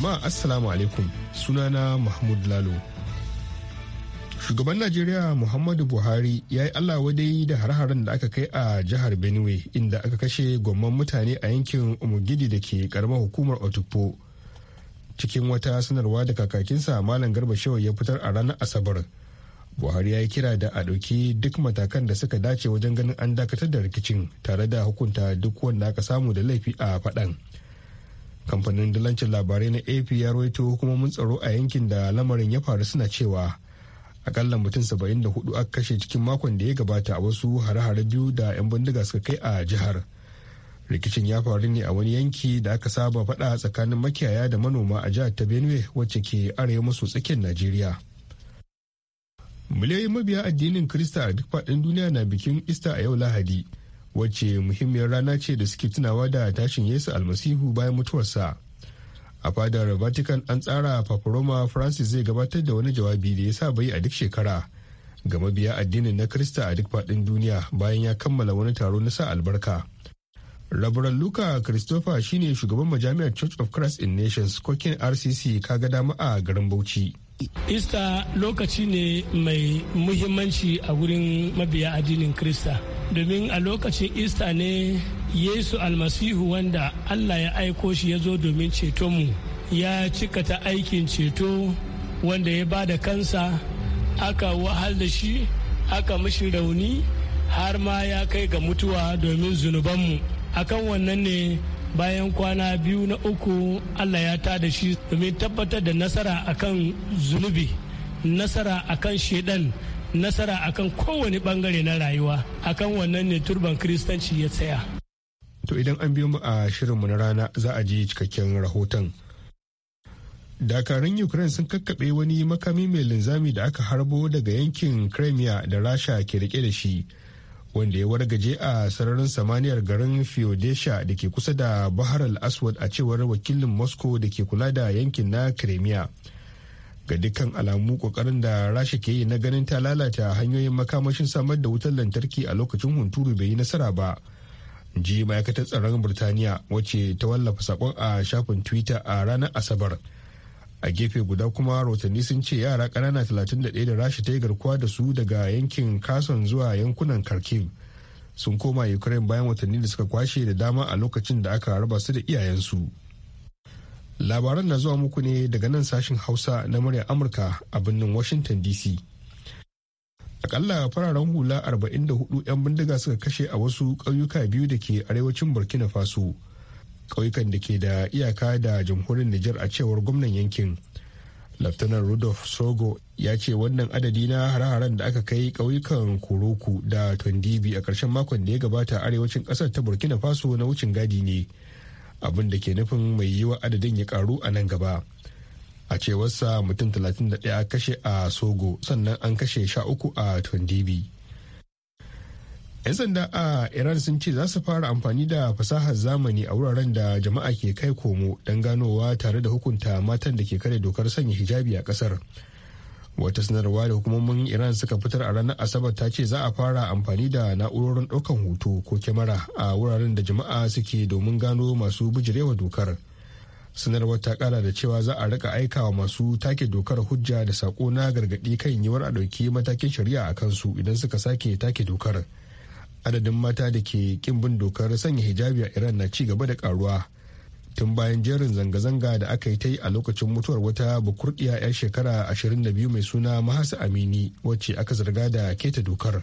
Jama'a Assalamu alaikum sunana Mahmud Lalo. Shugaban Najeriya Muhammadu Buhari ya yi Allah wadai da har-haren da aka kai a jihar Benue inda aka kashe gwamman mutane a yankin Umugidi da ke karamar hukumar otupo Cikin wata sanarwa da kakakinsa Malam Garba Shehu ya fitar a ranar Asabar. Buhari ya yi kira da a ɗauki duk matakan da suka dace wajen ganin an dakatar da rikicin tare da hukunta duk wanda aka samu da laifi a faɗan. kamfanin dalancin labarai na ap ya rawaito kuma mun tsaro a yankin da lamarin ya faru suna cewa akalla mutum 74 aka kashe cikin makon da ya gabata a wasu hare-hare biyu da 'yan bindiga suka kai a jihar rikicin ya faru ne a wani yanki da aka saba faɗa tsakanin makiyaya da manoma a jihar ta benue wacce ke arewa maso tsakiyar najeriya miliyoyin mabiya addinin krista a duk faɗin duniya na bikin ista a yau lahadi wacce muhimmiyar rana ce da suke tunawa da tashin yesu almasihu bayan mutuwarsa a fadar vatican an tsara fafaroma francis zai gabatar da wani jawabi da ya sa bai a duk shekara ga mabiya addinin na krista a duk faɗin duniya bayan ya kammala wani taro na sa albarka rabaran luka christopher shine shugaban majami'ar church of christ in nations kokin rcc kaga dama a garin bauchi Ista lokaci ne mai muhimmanci a wurin mabiya addinin Krista. Domin a lokacin Ista ne Yesu almasihu wanda Allah ya aiko shi ya zo domin cetonmu ya cika ta aikin ceto wanda ya ba da kansa aka wahal da shi aka mishi rauni har ma ya kai ga mutuwa domin zunubanmu. Akan wannan ne bayan kwana biyu na uku allah ya ta da shi domin tabbatar da nasara akan zunubi nasara akan shedan nasara akan kowane bangare na rayuwa akan wannan ne turban kristanci ya tsaya to idan an biyo mu a mu na rana za a ji cikakken rahoton dakarun ukraine sun kakkaɓe wani makami mai linzami da aka harbo daga yankin crimea da rasha ke rike da shi wanda ya wargaje a sararin samaniyar garin Feodesha da ke kusa da Bahar al-Aswad a cewar wakilin Moscow da ke kula da yankin na Crimea. Ga dukkan alamu kokarin da Rasha ke yi na ganin ta lalata hanyoyin makamashin samar da wutar lantarki a lokacin hunturu bai yi nasara ba. Ji ma'aikatar tsaron Birtaniya wacce ta wallafa saƙon a shafin Twitter a ranar Asabar. a gefe guda kuma rahotanni sun ce yara ƙanana 31 da rasha ta yi garkuwa da su daga yankin kason zuwa yankunan kharkiv sun koma ukraine bayan watanni da suka kwashe da dama a lokacin da aka raba su da iyayensu labaran na zuwa muku ne daga nan sashen hausa na muryar amurka a birnin washington dc akalla fararen hula 44 'yan bindiga suka kashe a wasu ƙauyuka biyu da ke arewacin burkina faso ƙauyukan da ke da iyaka da jamhuriyar Nijar a cewar gwamnan yankin. Laftanar Rudolf Sogo ya ce wannan adadi na hare-haren da aka kai ƙauyukan Kuroku da Tondibi a ƙarshen makon da ya gabata arewacin ƙasar ta Burkina Faso na wucin gadi ne. Abin da ke nufin mai yiwa adadin ya karu a nan gaba. A cewarsa mutum 31 kashe a Sogo sannan an kashe 13 a Tondibi. 'yan sanda a iran sun ce za su fara amfani da fasahar zamani a wuraren da jama'a ke kai komo don ganowa tare da hukunta matan da ke kare dokar sanya hijabi a kasar wata sanarwa da hukumomin iran suka fitar a ranar asabar ta ce za a fara amfani da na'urorin ɗaukan hoto ko kyamara a wuraren da jama'a suke domin gano masu bijirewa dokar sanarwar ta kara da cewa za a rika aika wa masu take dokar hujja da sako na gargaɗi kan yiwuwar a ɗauki matakin shari'a a kansu idan suka sake take dokar adadin mata da ke kin bin dokar sanya hijabi a iran na ci gaba da karuwa tun bayan jerin zanga-zanga da aka yi ta yi a lokacin mutuwar wata bukurdiya 'yar shekara 22 mai suna mahasa amini wacce aka zarga da keta dokar.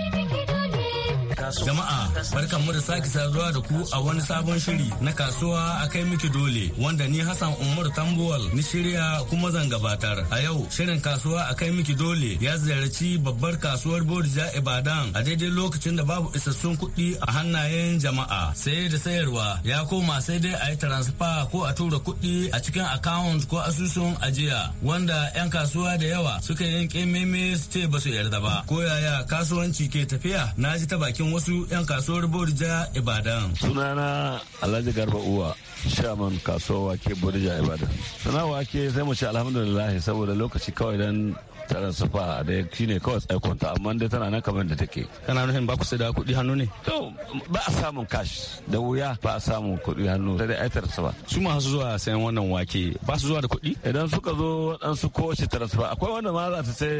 Jama'a barkanmu da sake saduwa da ku a wani sabon shiri na kasuwa a kai miki dole wanda ni Hassan Umar Tambuwal ni shirya kuma zan gabatar. A yau shirin kasuwa a kai miki dole ya ziyarci babbar kasuwar Bodija Ibadan a daidai lokacin da babu isassun kuɗi a hannayen jama'a. sai da sayarwa ya koma sai dai a yi transfer ko a tura kuɗi a cikin account ko asusun ajiya wanda 'yan kasuwa da yawa suka yanke meme su ce ba su yarda ba. Ko yaya kasuwanci ke tafiya na ji ta bakin wasu wasu 'yan kasuwar Borja Ibadan. Sunana Alhaji Garba Uwa, shaman kasuwar wake Borja Ibadan. Sana wake sai mu ci alhamdulillah saboda lokaci kawai dan taron sufa da shine kawai tsaikonta amma dai tana nan kamar da take kana nufin ba ku sai da kuɗi hannu ne to ba a samun cash da wuya ba a samun kuɗi hannu sai dai aitar sufa su su zuwa sayan wannan wake ba su zuwa da kuɗi idan suka zo waɗansu kowace sufa akwai wanda ma za su sai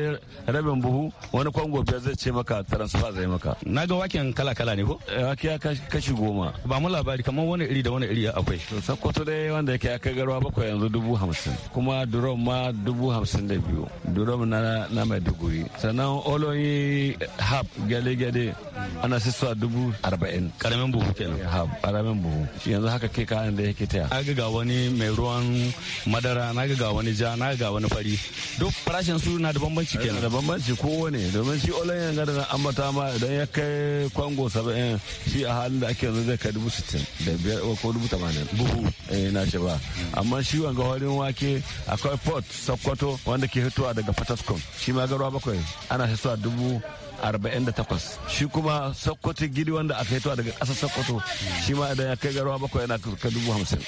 rabin buhu wani kwango biyar zai ce maka sufa zai maka na ga waken kala kala ne ko eh, wake ya kashi goma ba mu labari kamar wani iri da wani iri akwai to sakkwato dai wanda yake ya kai garwa bakwai yanzu dubu hamsin kuma durom ma dubu hamsin da biyu durom na na, maiduguri sannan oloyi hab gale-gale ana siswa dubu arba'in karamin buhu kenan eh, hab karamin buhu yanzu haka ke kayan da yake taya na ga wani mai ruwan madara na ga wani ja na ga wani fari duk farashin su na da bambanci eh, kenan da bambanci kowane domin shi oloyi yanga da ambata ma idan ya kai kwango saba'in shi a halin da ake yanzu zai kai dubu sittin da biyar eh, ko dubu tamanin buhu na shi ba amma shi wanga horin wake akwai port sokoto wanda ke fitowa daga fatas shi ma garuwa bakwai ana shi dubu 48 shi kuma sokoto gidi wanda aka yi daga ƙasar sokoto shi ma idan ya kai ga ruwa bakwai yana ka dubu hamsin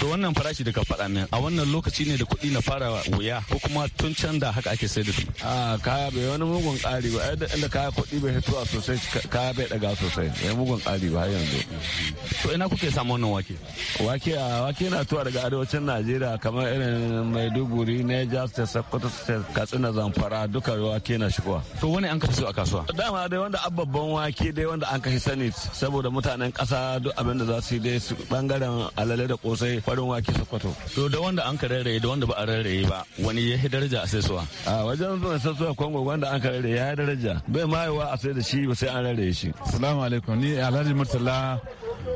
to wannan farashi da ka faɗa min a wannan lokaci ne da kuɗi na fara wuya ko kuma tun can da haka ake sayar da su a kaya bai wani mugun ƙari ba yadda inda kaya kuɗi bai a sosai kaya bai ɗaga sosai ya mugun ƙari ba har yanzu to ina kuke samu wannan wake wake a wake na tuwa daga arewacin najeriya kamar irin maiduguri niger state sokoto state katsina zamfara duka wake na shigowa to wani an kafa su a kasuwa dama dai wanda ababban wake dai wanda an kashi sani saboda mutanen kasa duk abin da za su yi dai su bangaren alale da kosai farin wake kwato. to da wanda an ka rarraye da wanda ba a rarraye ba wani ya yi daraja a saisuwa a wajen zuwa saisuwa kongo wanda an ka rarraye ya yi daraja bai mayewa a sai da shi ba sai an rarraye shi Salamu alaikum ni alhaji murtala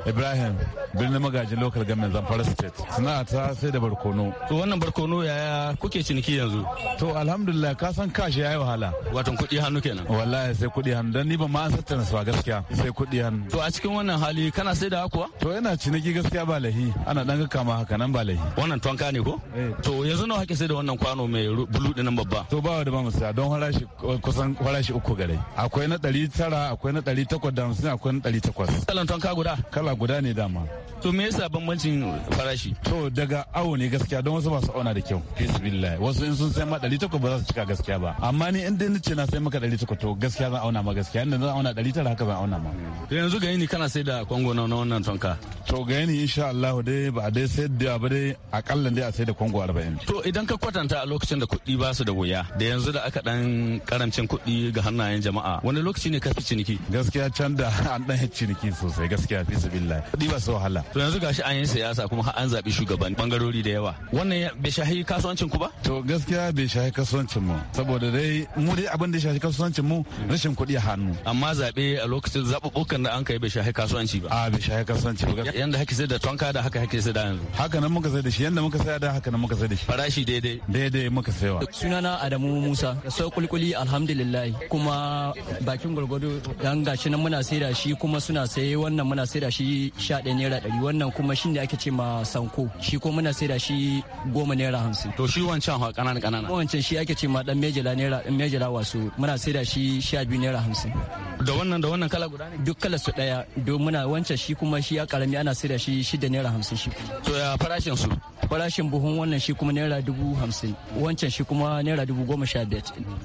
Ibrahim birnin magaji local government Zamfara state. suna ta sai da barkono. To wannan barkono yaya kuke ciniki yanzu? To alhamdulillah ka san kashi yayi wahala. Watan kuɗi hannu kenan. Wallahi sai kuɗi hannu dan ni ba ma san tana suwa gaskiya sai kuɗi hannu. To a cikin wannan hali kana sai da kuwa? To yana ciniki gaskiya ba lahi ana dan kama haka nan ba lahi. Wannan tonka ne ko? Eh. To yanzu nawa kake sai da wannan kwano mai bulu dinan babba? To ba da ba mu sai don harashi kusan harashi uku gare. Akwai na 900 tara akwai na ɗari takwas da hamsin akwai na 800 takwas. Talan tonka guda? kala guda ne dama to me yasa bambancin farashi to daga awo ne gaskiya don wasu masu auna da kyau bismillah wasu in sun sai ma 800 ba za su cika gaskiya ba amma ni in dai nace na sai maka 800 to gaskiya zan auna ma gaskiya inda zan auna 900 haka zan auna ma to yanzu ga ni kana sai da kwango na wannan tonka to ga ni insha Allah dai ba dai sai da ba dai akalla dai a sai da kwango 40 to idan ka kwatanta a lokacin da kuɗi ba su da wuya da yanzu da aka dan karancin kuɗi ga hannayen jama'a wani lokaci ne ka fi ciniki gaskiya can da an dan ciniki sosai gaskiya fi sabilillah di ba su wahala to yanzu gashi an yi siyasa kuma har an zabi shugaban bangarori da yawa wannan bai shahi kasuwancin ku ba to gaskiya bai shahi kasuwancin mu saboda dai mu dai abin da shahi kasuwancin mu rashin kuɗi a hannu amma zabe a lokacin zaɓuɓɓukan da an kai bai shahi kasuwanci ba a bai shahi kasuwanci ba yanda hake sai da tonka da haka hake sai da yanzu haka nan muka sai da shi yanda muka sai da haka nan muka sai da shi farashi daidai daidai muka saiwa sunana Adamu Musa sai kulkuli alhamdulillah kuma bakin gwargwado dan gashi nan muna sai da shi kuma suna saye wannan muna sai da shi shi sha ɗaya naira ɗari wannan kuma shi ne ake ce ma sanko shi ko muna saida shi goma naira hamsin. To shi wancan ha ƙanana ƙanana. Wancan shi ake ce ma ɗan mejala naira ɗan mejala wasu muna saida shi sha biyu naira hamsin. Da wannan da wannan kala guda ne? Duk kala su ɗaya don muna wancan shi kuma shi ya ƙarami ana saida shi shida naira hamsin shi. To ya farashin su? farashin buhun wannan shi kuma naira dubu hamsin wancan shi kuma naira dubu goma sha biyar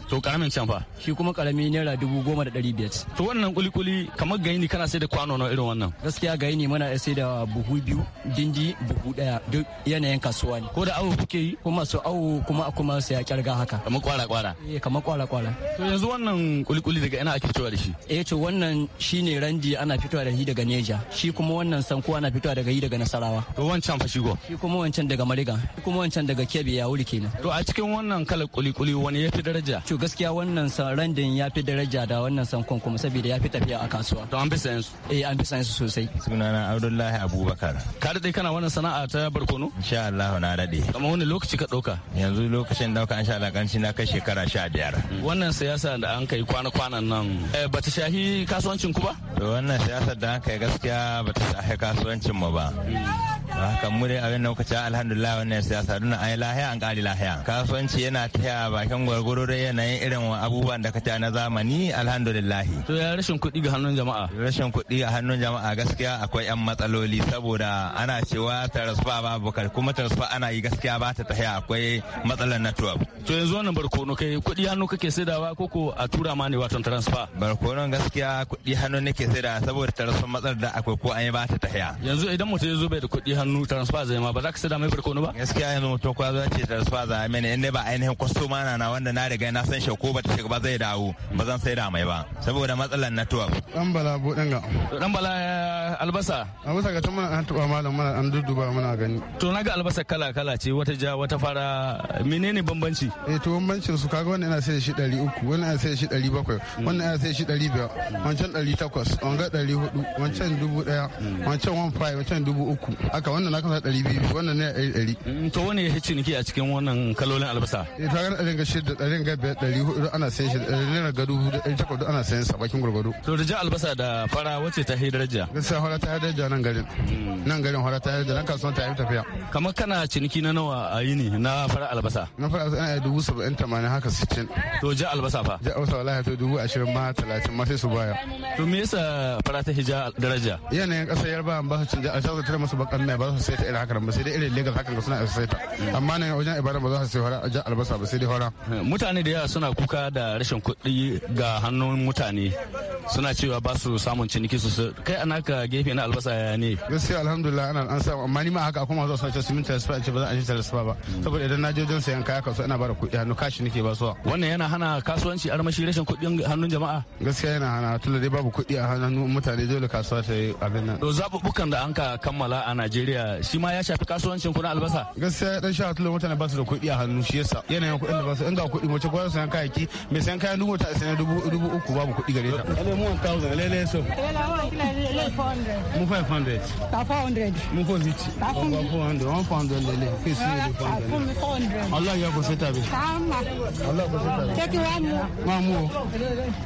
to karamin can fa shi kuma karami naira dubu goma da ɗari biyar to wannan kulikuli kamar gaini kana sai da kwano na irin wannan gaskiya gaini muna sai da buhu biyu dindi buhu daya duk yanayin kasuwa ne ko da awo kuke yi kuma su awo kuma kuma su ya kyarga haka kamar kwara kwara eh kamar kwara kwara to yanzu wannan kulikuli daga ina ake fitowa da shi eh to wannan shine randi ana fitowa da shi daga neja shi kuma wannan sanko ana fitowa daga yi daga nasarawa to wancan fa shigo shi kuma wancan daga Marigan kuma wancan daga Kebbi ya wuri kenan. To a cikin wannan kalar kuli-kuli wani ya fi daraja? To gaskiya wannan san randin ya fi daraja da wannan sankon kuma saboda ya fi tafiya a kasuwa. To an fi sayan su? Eh an fi sayan su sosai. Sunana Abdullahi Abubakar. Ka daɗe kana wannan sana'a ta barkono? Insha Allah na daɗe. Kamar wani lokaci ka ɗauka? Yanzu lokacin ɗauka insha Allah kanci na kai shekara sha biyar. Wannan siyasa da an kai kwana-kwanan nan eh, ba ta shahi kasuwancin ku ba? To wannan siyasa da an kai gaskiya ba ta shahi kasuwancin mu ba. Hmm. Haka mu dai abin da muka alhaji alhamdulillah wannan siyasa duna an yi lahiya an kare lahiya kasuwanci yana taya bakin gwargwaro da yanayin irin abubuwan da ka na zamani alhamdulillah to ya rashin kuɗi ga hannun jama'a rashin kuɗi a hannun jama'a gaskiya akwai yan matsaloli saboda ana cewa tarasfa babu kuma tarasfa ana yi gaskiya ba ta tahiya akwai matsalar network to yanzu wannan barkono kai kuɗi hannu kake saidawa koko a tura ma ne watan transfer barkonon gaskiya kuɗi hannu nake saida saboda tarasfa matsalar da akwai ko an yi ba ta tahiya yanzu idan mutum ya zo bai da kuɗi hannu transfer zai ma ba za ka saida mai farko barkono ba gaskiya yanzu mutum kwa zuwa ce transfer za a mene in ne ba ainihin kwastoma na na wanda na riga na san shi ko ba ta shiga ba zai dawo ba zan sai da mai ba saboda matsalar network dan bala budan ga dan bala eh, albasa albasa ga tun an tuba malam mana an dudduba muna gani to naga albasa kala kala ce wata ja wata fara menene bambanci eh to bambancin su kaga wannan yana sai shi 300 wannan yana sai shi 700 wannan yana sai shi 500 wancan 800 wanga 400 wancan 1000 hmm. wancan 1500 wancan 3000 haka wannan na kasa 200 wannan ne ɗari ɗari. Mm, to wani ya niki a cikin wannan kalolin albasa. eh ta gana ɗarin gashi da ɗarin ga ɗari hudu ana sayan shi ɗarin ga dubu ɗari takwas ana sayan sa bakin gwargwado. to da ja albasa da fara wacce ta hi daraja. gaskiya fara ta hi daraja nan garin mm. nan garin fara ta hi daraja nan kasuwan ta yi tafiya. kamar kana ciniki na nawa a yini na fara albasa. na fara albasa ana dubu saba'in tamanin haka sittin. to ja albasa fa. ja albasa wallahi to dubu ashirin ma talatin ma sai su baya. to me yasa fara ta hi daraja. yanayin ƙasar yarbawa ba su canja a shawar tattara masu bakan mai ba su sai ta irin haka ba sai dai irin legal tumatir hakan suna a saita amma ne wajen ibada ba za su sai ja albasa ba sai dai hora mutane da yawa suna kuka da rashin kuɗi ga hannun mutane suna cewa ba su samun ciniki sosai kai ana ka gefe na albasa ya ne gaskiya alhamdulillah ana an samu amma ni ma haka akwai masu sace su min talasfa ce ba za a ji talasfa ba saboda idan na je wajen sayan kaya kasuwa ina da kuɗi hannu kashi nake ba su wannan yana hana kasuwanci armashi rashin kuɗin hannun jama'a gaskiya yana hana tunda dai babu kuɗi a hannun mutane dole kasuwa ta yi abin nan to zabubukan da an ka kammala a Najeriya shi ma ya shafi kasuwancin ku na albasa gaskiya dan sha tulo mutane ba su da kuɗi a hannu shi yasa yanayin kuɗin da ba su in kuɗi mace kwaya sayan kayayyaki mai sayan kayan dubu ta sayan dubu dubu uku babu kuɗi gare ta mu 1000 lele so mu 500 mu 400 100 lele ke 400 Allah ya tabi. Allah wa mu mu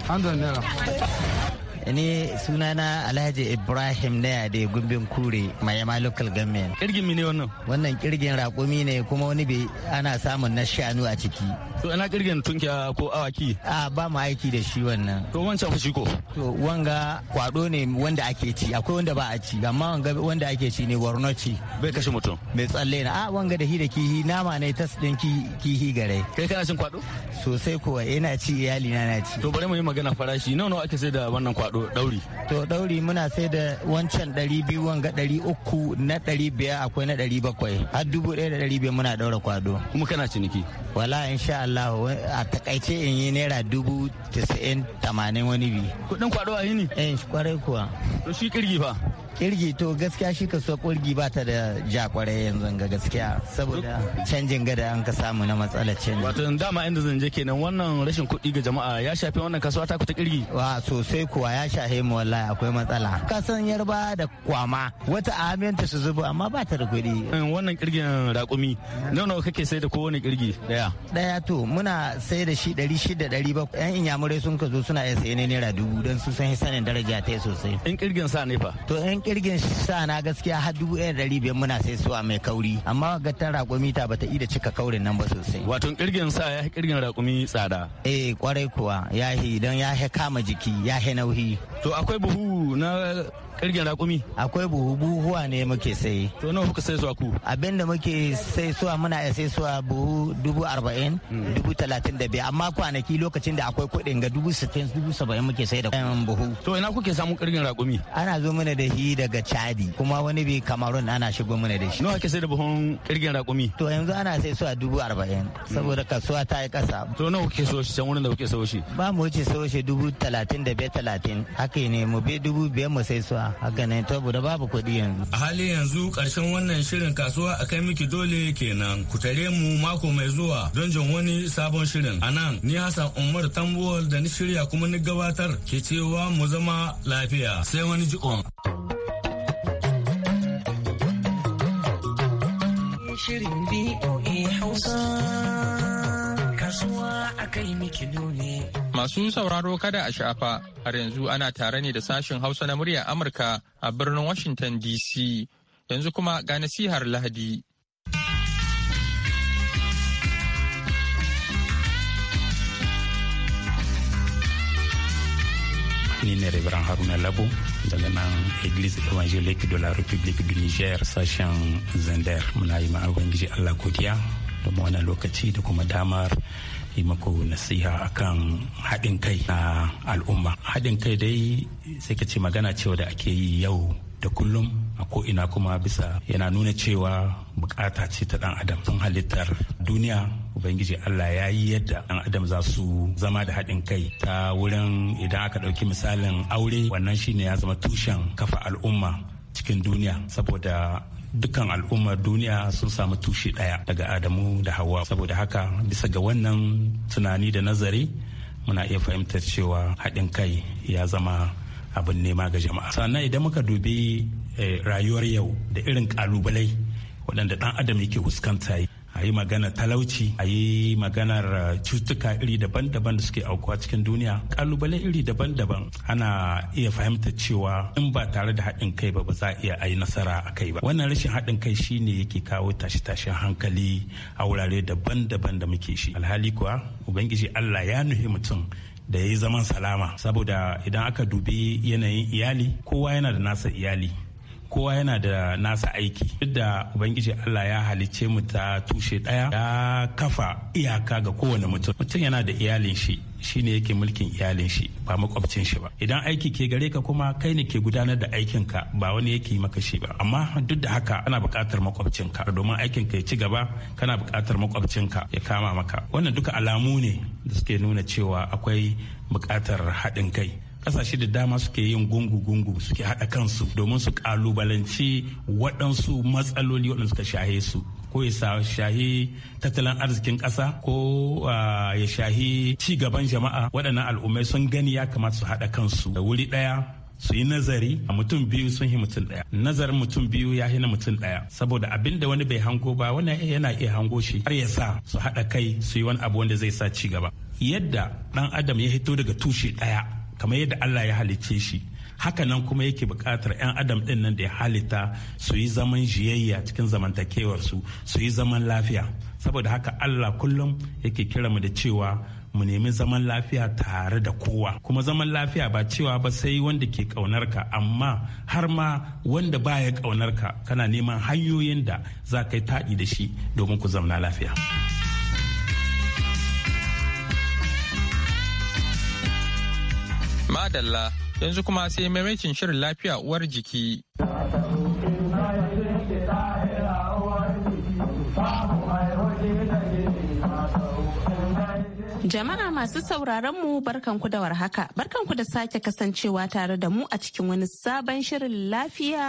100 Ni sunana Alhaji Ibrahim na yade gumbin kure Mayama local government. Kirgin ne wannan? Wannan kirgin raƙumi ne kuma wani bai ana samun na shanu a ciki. To ana kirgin tunkiya ko awaki? A ba mu aiki da shi wannan. To wancan fushi ko? To wanga kwado ne wanda ake ci akwai wanda ba a ci amma wanga wanda ake ci ne warnoci ci. Bai kashe mutum. Bai tsalle na a wanga da hi da kihi nama ne tas din kihi gare. Kai kana cin kwado? Sosai kuwa ina ci iyali na na ci. To bari mu yi magana farashi nawa nawa ake sai da wannan kwado? dauri to dauri muna sai da wancan 200 wanga 300 na 500 akwai na 700 har 1500 muna daura kwado kuma kana ciniki wala insha Allah a takaice in yi naira dubu 90 tamanin wani bi kudin kwado a yini eh kwarai kuwa to shi kirgi fa kirgi to gaskiya shi kaso kurgi ba ta da ja kwarai yanzu ga gaskiya saboda canjin gada an ka samu na matsalar canji wato dama inda zan je kenan wannan rashin kuɗi ga jama'a ya shafi wannan kasuwa ta ku ta kirgi wa sosai kuwa ya shafe mu wallahi akwai matsala kasan yarba da kwama wata aminta su zuba amma ba ta da kuɗi eh, wannan kirgin raƙumi nawa kake sai da kowane kirgi daya daya to muna sai da shi ɗari shida ɗari ba yan inyamurai sun ka zo suna iya saye ne naira dubu don su san sanin daraja ta sosai in kirgin sa ne fa to in kirgin sa na gaskiya har dubu ɗaya ɗari biyar muna sai suwa mai kauri amma ga ta raƙumi ta bata iya cika kaurin nan ba sosai. Wato kirgin sa ya kirgin raƙumi tsada. Eh kwarai kuwa ya don ya kama jiki ya nauyi. To akwai buhu na kirgin rakumi akwai buhu buhuwa ne muke sayi to nawa kuka sai zuwa ku abinda muke sai suwa muna iya sai suwa buhu dubu arba'in hmm. dubu talatin da biyar amma kwanaki lokacin da akwai kuɗin ga dubu sittin dubu saba'in muke sai da buhu to ina kuke samun kirgin rakumi ana zo mana da shi daga chadi kuma wani bi kamarun ana shigo mana da shi nawa kake sai da buhun kirgin rakumi to yanzu ana sai suwa dubu arba'in saboda kasuwa ta yi kasa to nawa kuke so shi can wurin da kuke so shi ba mu wuce so shi dubu talatin da biyar talatin haka ne mu bi dubu biyar mu sai suwa haka ne babu kuɗi yanzu. A hali yanzu ƙarshen wannan shirin kasuwa a kai miki dole kenan ku tare mu mako mai zuwa don jin wani sabon shirin. A nan ni Hassan Umar Tambuwal da ni shirya kuma ni gabatar ke cewa mu zama lafiya sai wani jikon. Shirin BOA Hausa kasuwa a kai miki dole. Masu sauraro kada a shafa, har yanzu ana tare ne da sashen Hausa na muryar Amurka a birnin Washington DC. Yanzu kuma ga nasihar Lahadi. Ni ne Reverend Haruna Labo daga nan Église Evangélique de la République du Niger sashen Zender Muna yi ma Ubangiji Allah godiya da wannan lokaci da kuma damar yi mako nasiha a kan haɗin kai na al'umma haɗin kai dai sai ka ce magana cewa da ake yi yau da kullum a ko'ina kuma bisa yana nuna cewa bukata ce ta ɗan adam Tun halittar duniya ubangiji allah ya yi yadda ɗan adam za su zama da haɗin kai ta wurin idan aka ɗauki misalin aure wannan shine ya zama tushen kafa al'umma cikin duniya saboda dukkan al'ummar duniya sun samu tushe ɗaya daga adamu da hawa saboda haka bisa ga wannan tunani da nazari muna iya fahimtar cewa haɗin kai ya zama abin nema ga jama'a sannan idan muka dubi eh, rayuwar yau da irin ƙalubalai waɗanda ɗan adam yake fuskanta a yi magana talauci a yi maganar uh, cutuka iri daban-daban da suke aukuwa cikin duniya kalubale iri daban-daban ana iya fahimta cewa in ba tare da haɗin kai ba ba za a iya a yi nasara a kai ba wannan rashin haɗin kai shine yake kawo tashe-tashen hankali a wurare daban-daban da muke shi alhali kuwa ubangiji allah ya nuhi mutum da ya yi zaman salama saboda idan aka dubi yanayin iyali kowa yana da nasa iyali kowa yana da nasa aiki duk da ubangiji allah ya halicce mu ta tushe daya ya kafa iyaka ga kowane mutum mutum yana da iyalin shi shi ne yake mulkin iyalin shi ba makwabcin shi ba idan aiki ke gare ka kuma kai ne ke gudanar da aikin ka ba wani yake yi maka shi ba amma duk da haka ana buƙatar makwabcin ka domin aikin ka ya ci gaba kana buƙatar makwabcin ka ya kama maka wannan duka alamu ne da suke nuna cewa akwai buƙatar haɗin kai kasashe da dama suke yin gungu-gungu suke haɗa kansu domin su kalubalanci waɗansu matsaloli waɗanda suka shahe su ko ya shahi tattalin arzikin ƙasa ko ah, ya shahi ci gaban jama'a waɗannan al'ummai sun gani ya kamata su haɗa kansu da wuri ɗaya su yi nazari a mutum biyu sun yi mutum ɗaya nazarin mutum biyu ya na mutum ɗaya saboda abin da wani bai hango ba wani yana iya hango shi har ya sa su haɗa kai su yi wani abu wanda zai sa ci gaba yadda ɗan adam ya hito daga tushe ɗaya kamar yadda Allah ya halicce shi hakanan kuma yake buƙatar 'yan adam ɗin nan da ya halitta su yi zaman jiyayya cikin zamantakewarsu su yi zaman lafiya saboda haka Allah kullum yake kira mu da cewa mu nemi zaman lafiya tare da kowa kuma zaman lafiya ba cewa ba sai wanda ke ƙaunar ka amma har ma wanda baya ƙaunar ka kana neman hanyoyin da za ka yi taɗi da shi domin ku zamna lafiya. Madalla yanzu kuma sai maimakin shirin lafiya uwar jiki. Jama'a masu sauraron mu barkanku da warhaka. Barkanku da sake kasancewa tare da mu a cikin wani sabon shirin lafiya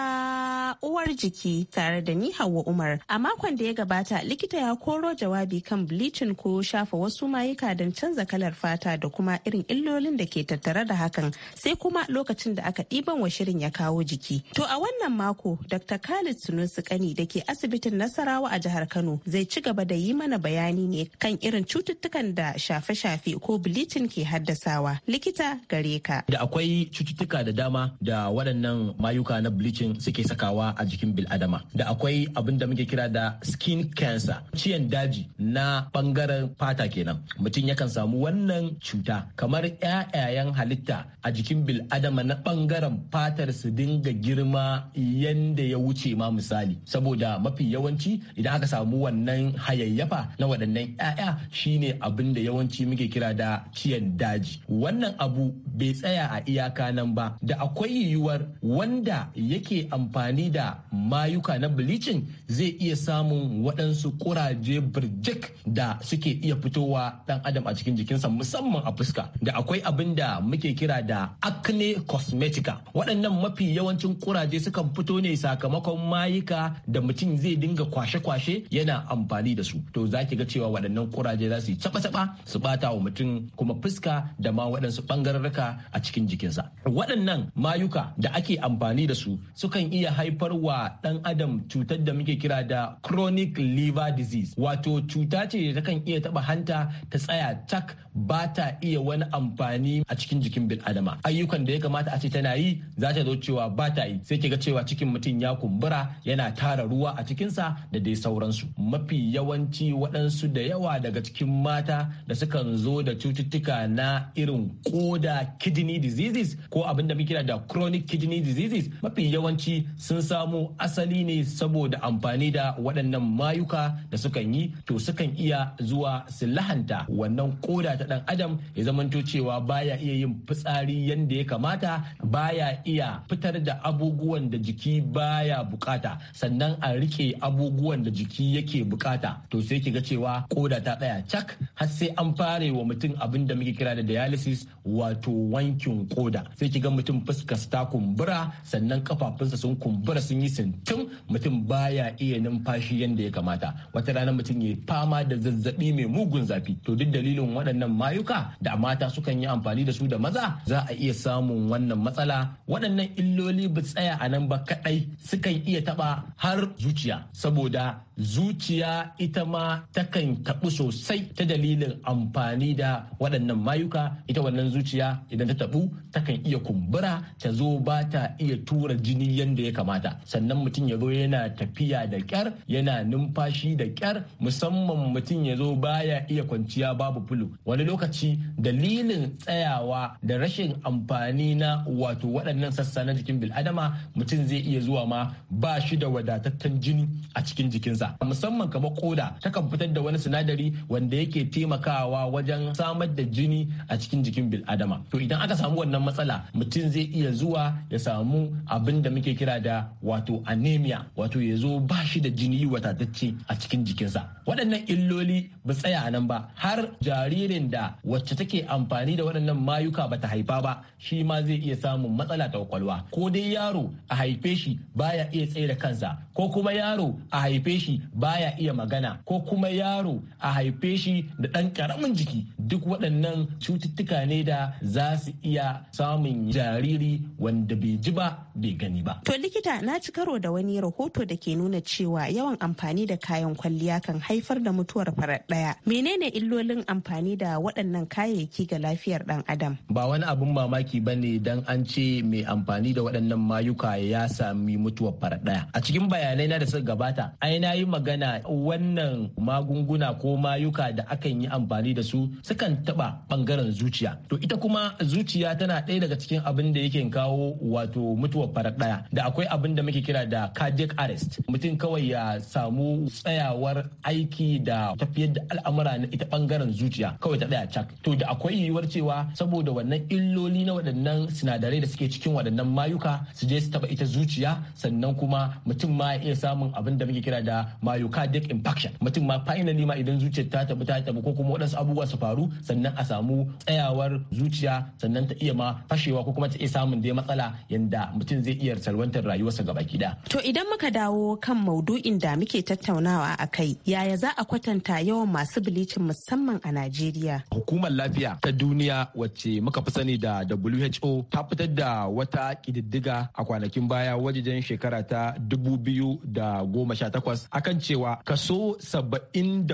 uwar jiki tare da ni Hauwa Umar. A makon da ya gabata likita ya koro jawabi kan bleaching ko shafa wasu mayuka don canza kalar fata da kuma irin illolin da ke tattare da hakan sai kuma lokacin da aka ɗiban wa shirin ya kawo jiki. To a wannan mako Dr. Khalid Sunusi Kani da ke asibitin Nasarawa a jihar Kano zai ci gaba da yi mana bayani ne kan irin cututtukan da shafa shafe-shafe ko bleaching ke haddasawa likita gare ka da akwai cututtuka da dama da waɗannan mayuka na bleaching suke sakawa a jikin bil'adama da akwai abin da muke kira da skin cancer ciyan daji na bangaren fata kenan mutum yakan samu wannan cuta kamar 'ya'yayan halitta a jikin bil'adama na bangaren fatar su dinga girma yanda ya wuce ma misali saboda mafi yawanci idan aka samu wannan hayayyafa na waɗannan 'ya'ya shine abin da yawanci turanci muke kira da ciyan daji wannan abu bai tsaya a iyaka nan ba da akwai yiwuwar wanda yake amfani da mayuka na bleaching zai iya samun waɗansu kuraje birjik da suke iya fitowa dan adam a cikin jikinsa musamman a fuska da akwai abin da muke kira da acne cosmetica waɗannan mafi yawancin kuraje sukan fito ne sakamakon mayuka da mutum zai dinga kwashe-kwashe yana amfani da su to za ki ga cewa waɗannan kuraje za su yi taba-taba su bata wa mutum kuma fuska da ma waɗansu ɓangararraka a cikin jikinsa waɗannan mayuka da ake amfani da su sukan iya haifar wa ɗan adam cutar da muke kira da chronic liver disease wato cuta ce da takan iya taɓa hanta ta tsaya tak ba ta iya wani amfani a cikin jikin bil adama ayyukan da ya kamata a ce tana yi za ta zo cewa ba ta yi sai ki ga cewa cikin mutum ya kumbura yana tara ruwa a cikinsa da dai sauransu mafi yawanci waɗansu da yawa daga cikin mata da suka sukan zo da cututtuka na irin koda kidney diseases ko abin da muke kira da chronic kidney diseases mafi yawanci sun samu asali ne saboda amfani da waɗannan mayuka da sukan yi to sukan iya zuwa su lahanta wannan koda ta ɗan adam ya zamanto cewa baya iya yin fitsari yadda ya kamata baya iya fitar da abubuwan da jiki baya bukata sannan a rike abubuwan da jiki yake bukata to sai ki ga cewa koda ta tsaya cak har sai an fare wa mutum abin da muke kira da dialysis wato wankin koda sai ki ga mutum fuskas ta kumbura sannan kafafunsa sun kumbura sun yi sintin mutum baya iya numfashi yadda ya kamata wata rana mutum ya fama da zazzabi mai mugun zafi to duk dalilin waɗannan mayuka da mata sukan yi amfani da su da maza za a iya samun wannan matsala waɗannan illoli ba tsaya a nan ba kaɗai sukan iya taɓa har zuciya saboda zuciya ita ma takan taɓu sosai ta dalilin amfani da waɗannan mayuka ita wannan zuciya idan ta taɓu takan iya kumbura ta zo ba ta iya tura jini yadda ya kamata sannan mutum ya zo yana tafiya da kyar. yana numfashi da ƙyar musamman mutum ya zo baya iya kwanciya babu fulu wani lokaci dalilin tsayawa da rashin amfani na wato waɗannan sassa na jikin bil'adama mutum zai iya zuwa ma ba shi da wadataccen jini a cikin jikinsa a musamman kamar koda takan fitar da wani sinadari wanda yake taimakawa wajen samar da jini a cikin jikin bil'adama to idan aka samu wannan matsala mutum zai iya zuwa ya samu abin da muke kira da wato anemia wato ya zo ba shi da jini watatacce a cikin jikinsa waɗannan illoli ba tsaya nan ba har jaririn da wacce take amfani da waɗannan mayuka ba ta haifa ba shi ma zai iya samun matsala ta kwakwalwa ko dai yaro a haife shi baya iya tsaye da kansa ko kuma yaro a haife shi ba baya iya magana ko kuma yaro a haife shi da ɗan ƙaramin jiki duk waɗannan cututtuka ne da za su iya samun jariri wanda bai ji ba bai gani ba. To likita na ci karo da wani rahoto da ke nuna cewa yawan amfani da kayan kwalliya kan haifar da mutuwar farat ɗaya. Menene illolin amfani da waɗannan kayayyaki ga lafiyar ɗan adam? Ba wani abun mamaki ba ne dan an ce mai amfani da waɗannan mayuka ya sami mutuwar farat ɗaya. A cikin bayanai na da suka gabata, ai na yi magana wannan magunguna ko mayuka da akan yi amfani da su sukan taba bangaren zuciya to ita kuma zuciya tana ɗaya daga cikin abin da yake kawo wato mutuwar farar ɗaya da akwai abin da muke kira da cardiac arrest mutum kawai ya samu tsayawar aiki da tafiyar da al'amura na ita bangaren zuciya kawai ta ɗaya cak to da akwai yiwuwar cewa saboda wannan illoli na waɗannan sinadarai da suke cikin waɗannan mayuka su je su taba ita zuciya sannan kuma mutum ma ya iya samun abin da muke kira da myocardic infarction mutum ma finally ma idan zuciyar ta tabu ta tabi ko kuma waɗansu abubuwa su faru sannan a samu tsayawar zuciya sannan ta iya ma fashewa ko kuma ta iya samun dai matsala yanda mutum zai iya salwantar rayuwarsa gaba gida. To idan muka dawo kan maudu'in da muke tattaunawa a kai yaya za a kwatanta yawan masu bilicin musamman a Najeriya? Hukumar lafiya ta duniya wacce muka fi sani da WHO ta fitar da wata ƙididdiga a kwanakin baya wajejen shekara ta 2018 akan cewa kaso 77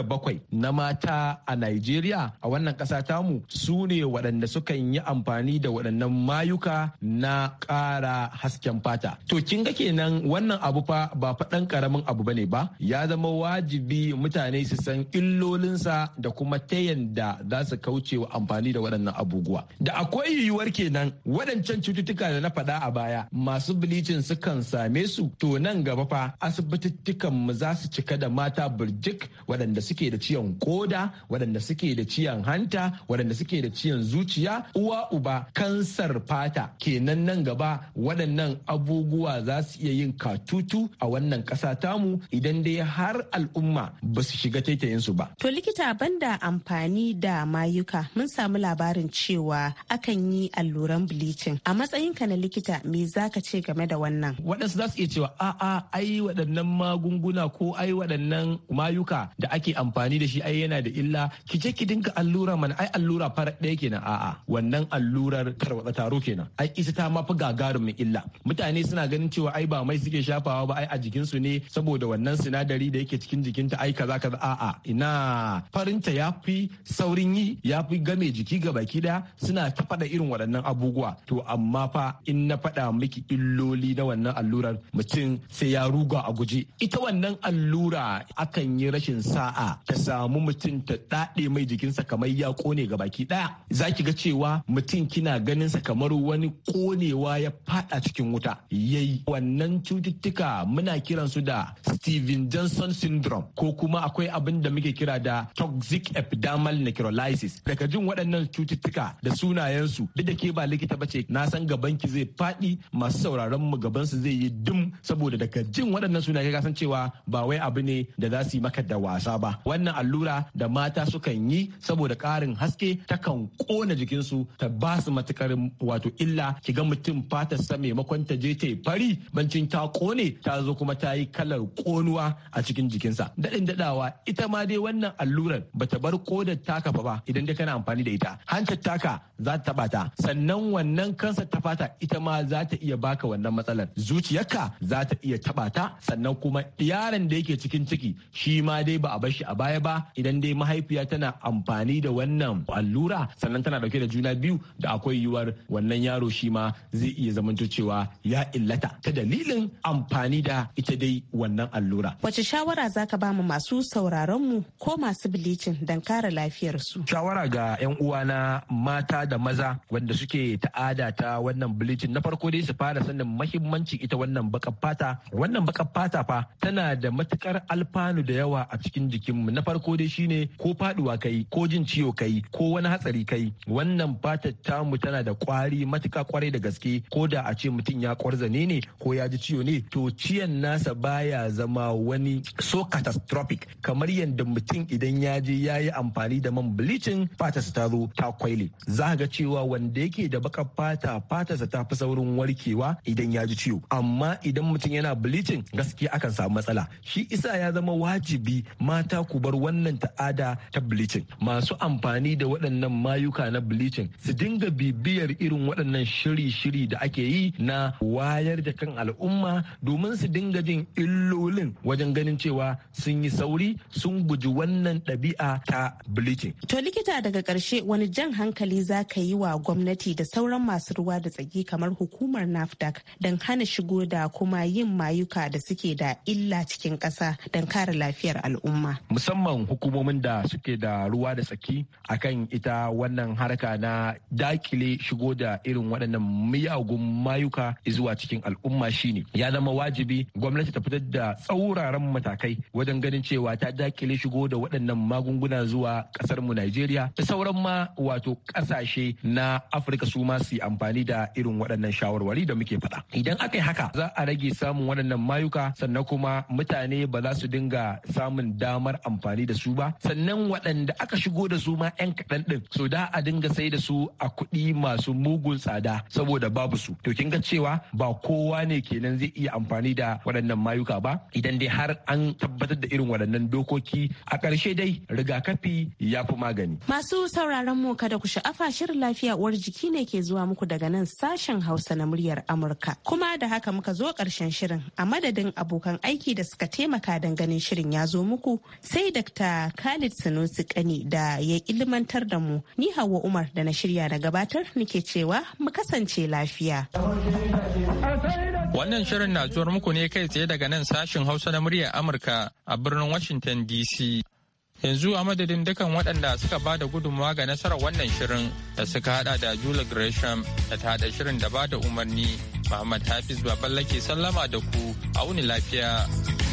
na mata a Najeriya a wannan ƙasa mu su ne waɗanda sukan yi amfani da waɗannan mayuka na ƙara hasken fata. To kin ga kenan wannan abu fa ba faɗan ƙaramin abu bane ba ya zama wajibi mutane su san illolinsa da kuma ta yanda za su kauce wa amfani da waɗannan abubuwa. Da akwai yiwuwar kenan waɗancan cututtuka da na faɗa a baya masu bilicin sukan same su to nan gaba fa asibitittukan mu za za su cika da mata burjik waɗanda suke da ciyan koda waɗanda suke da ciyan hanta waɗanda suke da ciyan zuciya uwa uba kansar fata kenan nan gaba waɗannan abubuwa za su iya yin katutu a wannan ƙasa tamu idan dai har al'umma ba su shiga su ba. To likita banda amfani da mayuka mun samu labarin cewa akan yi alluran bleaching a matsayinka na likita me za ka ce game da wannan? Waɗansu za su iya cewa a'a ai waɗannan magunguna ko ko ai waɗannan mayuka da ake amfani da shi ai yana da illa ki je ki dinga allura mana ai allura fara ɗaya kenan a'a wannan allurar tarwatsa taro kenan ai isa ta ma fi gagarumin illa mutane suna ganin cewa ai ba mai suke shafawa ba ai a jikin su ne saboda wannan sinadari da yake cikin jikinta ai kaza kaza a'a ina farinta ya fi saurin yi ya fi game jiki ga baki daya suna ta faɗa irin waɗannan abubuwa to amma fa in na faɗa miki illoli na wannan allurar mutum sai ya ruga a guje ita wannan allura akan yi rashin sa'a ta samu mutum ta daɗe mai jikinsa kamar ya kone ga baki ɗaya za ki ga cewa mutum kina ganin sa kamar wani konewa ya fada cikin wuta yayi wannan cututtuka muna kiran su da Steven Johnson syndrome ko kuma akwai abin da muke kira da toxic epidermal necrolysis daga jin waɗannan cututtuka da sunayensu duk da ke ba likita bace na san gaban ki zai faɗi masu sauraron mu gaban su zai yi dum saboda daga jin waɗannan sunaye ka san cewa ba wai abu ne da za su yi maka da wasa ba wannan allura da mata sukan yi saboda ƙarin haske takan ƙona jikinsu ta ba su matukar wato illa ki ga mutum fatar sa maimakon ta je ta yi fari bancin ta ƙone ta zo kuma ta yi kalar ƙonuwa a cikin jikinsa daɗin daɗawa ita ma dai wannan allurar ba ta bar kodar taka ba idan dai kana amfani da ita hancar taka za ta taɓa ta sannan wannan kansa ta fata ita ma za ta iya baka wannan matsalar zuciyarka za ta iya taɓa ta sannan kuma yaron da da yake cikin ciki shi ma dai ba a bar shi a baya ba idan dai mahaifiya tana amfani da wannan allura sannan tana dauke da juna biyu da akwai yiwuwar wannan yaro shi ma zai iya zamanto cewa ya illata ta dalilin amfani da ita dai wannan allura. Wace shawara zaka ba mu masu sauraron mu ko masu bilicin don kare lafiyar su. Shawara ga 'yan uwa na mata da maza wanda suke ta'ada ta wannan bilicin na farko dai su fara sanin mahimmanci ita wannan baka fata. Wannan baka fata fa tana da matukar alfanu da yawa a cikin jikinmu na farko dai shine ko faduwa kai ko jin ciwo kai ko wani hatsari kai wannan fatar mu tana da kwari matuka kwarai da gaske ko da a ce mutum ya kwarzane ne ko ya ji ciwo ne to ciyan nasa baya zama wani so catastrophic kamar yadda mutum idan ya je ya yi amfani da man bleaching fatarsa ta zo ta kwaile za ga cewa wanda yake da baka fata fatarsa ta fi saurin warkewa idan ya ji ciwo amma idan mutum yana bleaching gaskiya akan samu matsala shi isa ya zama wajibi mata ku bar wannan ta'ada ta bleaching masu amfani da waɗannan mayuka na bleaching su dinga bibiyar irin waɗannan shiri-shiri da ake yi na wayar da kan al'umma domin su dinga jin illolin wajen ganin cewa sun yi sauri sun guji wannan ɗabi'a ta bleaching. To likita daga ƙarshe wani jan hankali za ka yi wa gwamnati da sauran masu ruwa da tsaki kamar hukumar NAFDAC don hana shigo da kuma yin mayuka da suke da illa cikin cikin kasa don kare lafiyar al'umma. Musamman hukumomin da suke da ruwa da tsaki akan ita wannan harka na dakile shigo da irin waɗannan miyagun mayuka zuwa cikin al'umma shine ya zama wajibi gwamnati ta fitar da tsauraran matakai wajen ganin cewa ta dakile shigo da waɗannan magunguna zuwa ƙasar mu Najeriya da sauran ma wato ƙasashe na Afirka su ma su amfani da irin waɗannan shawarwari da muke faɗa. Idan aka yi haka za a rage samun waɗannan mayuka sannan kuma mutane mutane ba za su dinga samun damar amfani da su ba sannan waɗanda aka shigo da su ma 'yan kaɗan ɗin so da a dinga sai da su a kuɗi masu mugun tsada saboda babu su to kin ga cewa ba kowa ne kenan zai iya amfani da waɗannan mayuka ba idan dai har an tabbatar da irin waɗannan dokoki a ƙarshe dai rigakafi ya fi magani. Masu sauraron mu kada ku sha'afa shirin lafiya uwar jiki ne ke zuwa muku daga nan sashen Hausa na muryar Amurka. Kuma da haka muka zo ƙarshen shirin a madadin abokan aiki da suka taimaka don ganin shirin ya zo muku sai Dr. Khalid Sanusi Kani da ya ilimantar da mu. Ni Hauwa Umar da na shirya na gabatar nike cewa mu kasance lafiya. Wannan shirin na zuwar muku ne kai tsaye daga nan sashin Hausa na muryar Amurka a birnin Washington DC. Yanzu a madadin dukan waɗanda suka ba da gudunmawa ga nasarar wannan shirin da suka hada da jula Gresham da ta hada shirin da ba da umarni Muhammad Hafiz ke sallama da ku a wuni lafiya.